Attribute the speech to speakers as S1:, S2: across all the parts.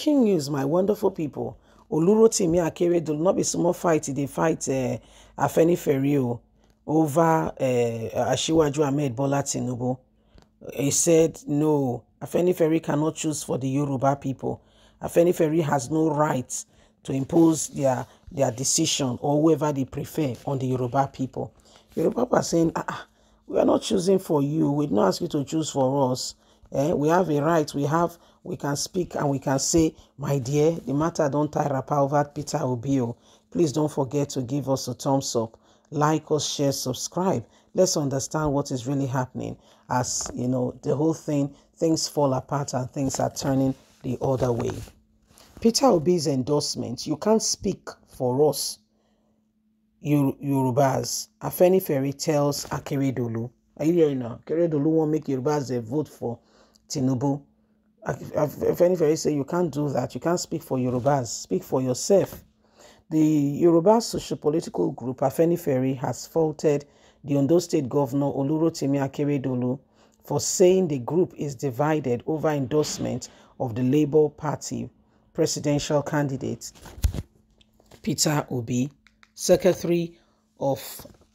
S1: King news my wonderful people olurotimi akeredolu not be small fight e dey fight uh, afenifere o over uh, asiwaju ahmed bola tinubu he said no Afeni afenifere cannot choose for the yoruba people Afeni afenifere has no right to impose their their decision or whoever they prefer on the yoruba people yoruba people are saying ah, ah we are not choosing for you we did not ask you to choose for us Eh, we have a right, we have, we can speak and we can say, my dear, the matter don't tie wrapper over Peter Obio. Please don't forget to give us a thumbs up, like us, share, subscribe. Let's understand what is really happening as, you know, the whole thing, things fall apart and things are turning the other way. Peter Obi's endorsement, you can't speak for us, Yorubas. Afenifere tells Akeredolu. Are you hearing now? Akeredolu won't make Yorubas a vote for Tinubu. Afenifere say you can't do that. You can't speak for Yorubas. Speak for yourself. The Yoruba socio-political group Afeni Ferry has faulted the Ondo State Governor Olurotimi Akeredolu for saying the group is divided over endorsement of the Labour Party presidential candidate Peter Obi, Secretary of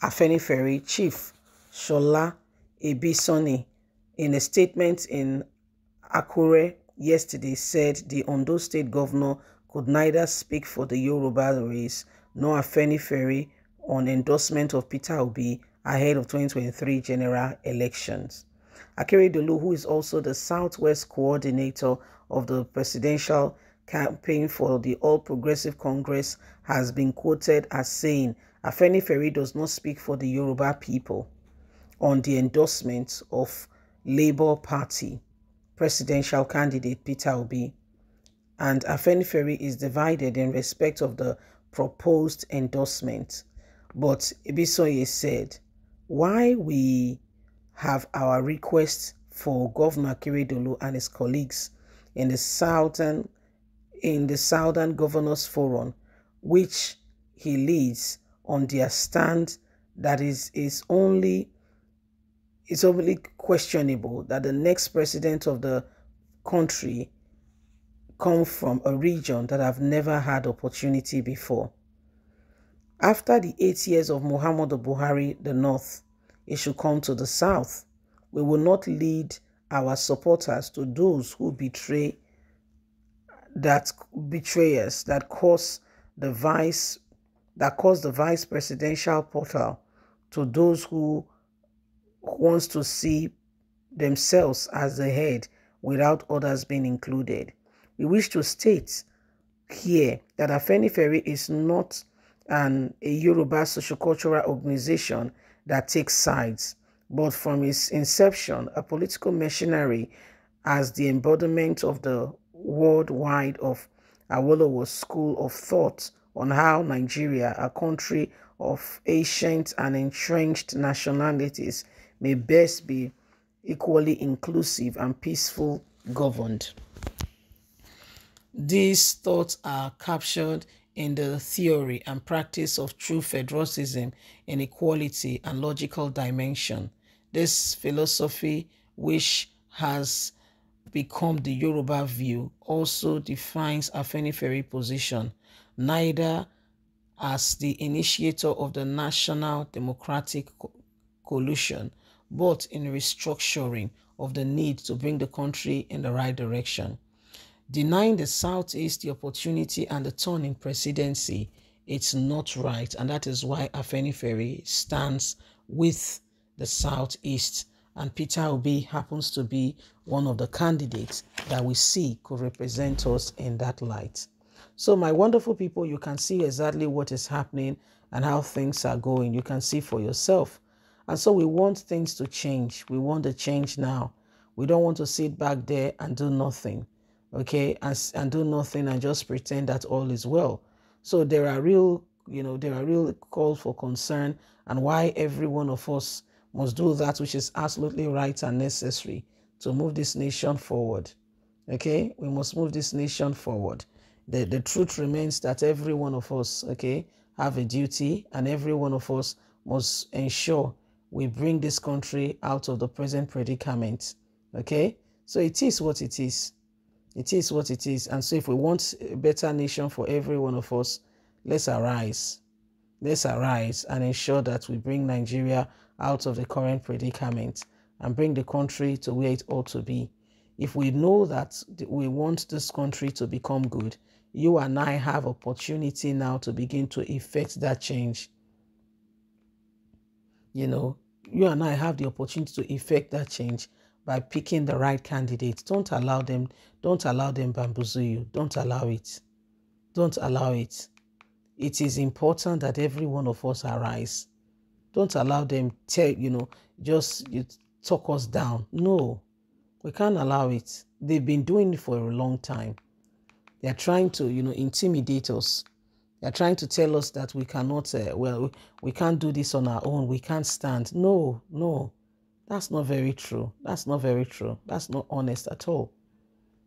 S1: Afeni Ferry, Chief Shola Ebisoni in a statement in Akure yesterday said the Ondo state governor could neither speak for the Yoruba race nor Afeni Ferry on endorsement of Peter Obi ahead of 2023 general elections. Akeredolu, who is also the Southwest coordinator of the presidential campaign for the All Progressive Congress, has been quoted as saying, Afeni Ferry does not speak for the Yoruba people on the endorsement of Labour Party presidential candidate Peter Obi, and Afenifere is divided in respect of the proposed endorsement. But Ibisoye said, why we have our request for Governor Kiridolu and his colleagues in the Southern in the Southern Governors Forum, which he leads on their stand that is, is only it's obviously questionable that the next president of the country come from a region that have never had opportunity before. After the eight years of Muhammad Buhari, the North, it should come to the South. We will not lead our supporters to those who betray that betrayers that cause the vice that cause the vice presidential portal to those who wants to see themselves as the head without others being included. We wish to state here that Afeni Ferry is not an, a Yoruba sociocultural organization that takes sides, but from its inception, a political machinery as the embodiment of the worldwide of Awolowo's school of thought on how Nigeria, a country of ancient and entrenched nationalities, may best be equally inclusive and peaceful governed. These thoughts are captured in the theory and practice of true federalism in equality and logical dimension. This philosophy, which has become the Yoruba view, also defines Afenifere position, neither as the initiator of the national democratic co coalition but in restructuring of the need to bring the country in the right direction. Denying the Southeast the opportunity and the turn in presidency, it's not right. And that is why Afeni Ferry stands with the Southeast. And Peter Obi happens to be one of the candidates that we see could represent us in that light. So, my wonderful people, you can see exactly what is happening and how things are going. You can see for yourself and so we want things to change. We want the change now. We don't want to sit back there and do nothing, okay, and, and do nothing and just pretend that all is well. So there are real, you know, there are real calls for concern and why every one of us must do that which is absolutely right and necessary to move this nation forward. Okay, we must move this nation forward. The, the truth remains that every one of us, okay, have a duty and every one of us must ensure we bring this country out of the present predicament. Okay? So it is what it is. It is what it is. And so if we want a better nation for every one of us, let's arise. Let's arise and ensure that we bring Nigeria out of the current predicament and bring the country to where it ought to be. If we know that we want this country to become good, you and I have opportunity now to begin to effect that change. You know, you and I have the opportunity to effect that change by picking the right candidate. Don't allow them, don't allow them bamboozle you. Don't allow it. Don't allow it. It is important that every one of us arise. Don't allow them tell, you know, just you talk us down. No, we can't allow it. They've been doing it for a long time. They're trying to, you know, intimidate us. They're trying to tell us that we cannot, uh, well, we can't do this on our own. We can't stand. No, no. That's not very true. That's not very true. That's not honest at all.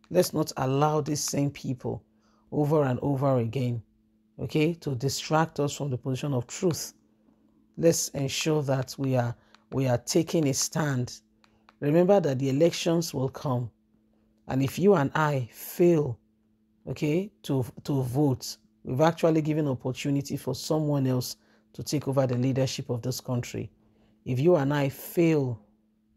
S1: Let's not allow these same people over and over again, okay, to distract us from the position of truth. Let's ensure that we are we are taking a stand. Remember that the elections will come. And if you and I fail, okay, to to vote, We've actually given opportunity for someone else to take over the leadership of this country. If you and I fail,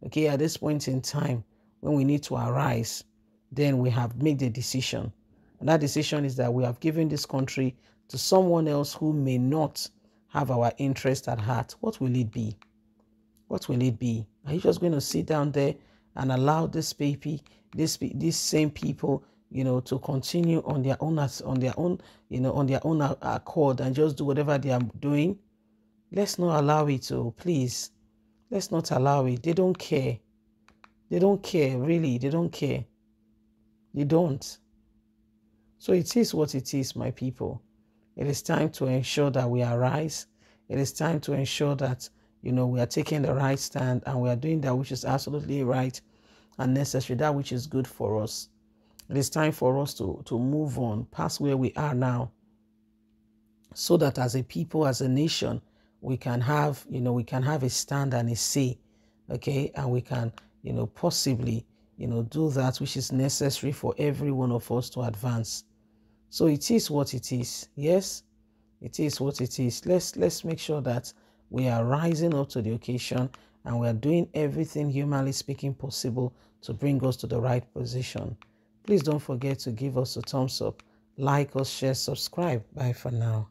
S1: okay, at this point in time, when we need to arise, then we have made the decision. And that decision is that we have given this country to someone else who may not have our interest at heart. What will it be? What will it be? Are you just going to sit down there and allow this baby, this, this same people you know, to continue on their own on their own, you know, on their own accord and just do whatever they are doing. Let's not allow it to, oh, please. Let's not allow it. They don't care. They don't care, really. They don't care. They don't. So it is what it is, my people. It is time to ensure that we arise. It is time to ensure that, you know, we are taking the right stand and we are doing that which is absolutely right and necessary, that which is good for us it is time for us to, to move on past where we are now so that as a people, as a nation, we can have, you know, we can have a stand and a say, okay? And we can, you know, possibly, you know, do that which is necessary for every one of us to advance. So it is what it is. Yes, it is what it is. Let's let's make sure that we are rising up to the occasion and we are doing everything humanly speaking possible to bring us to the right position. Please don't forget to give us a thumbs up, like us, share, subscribe. Bye for now.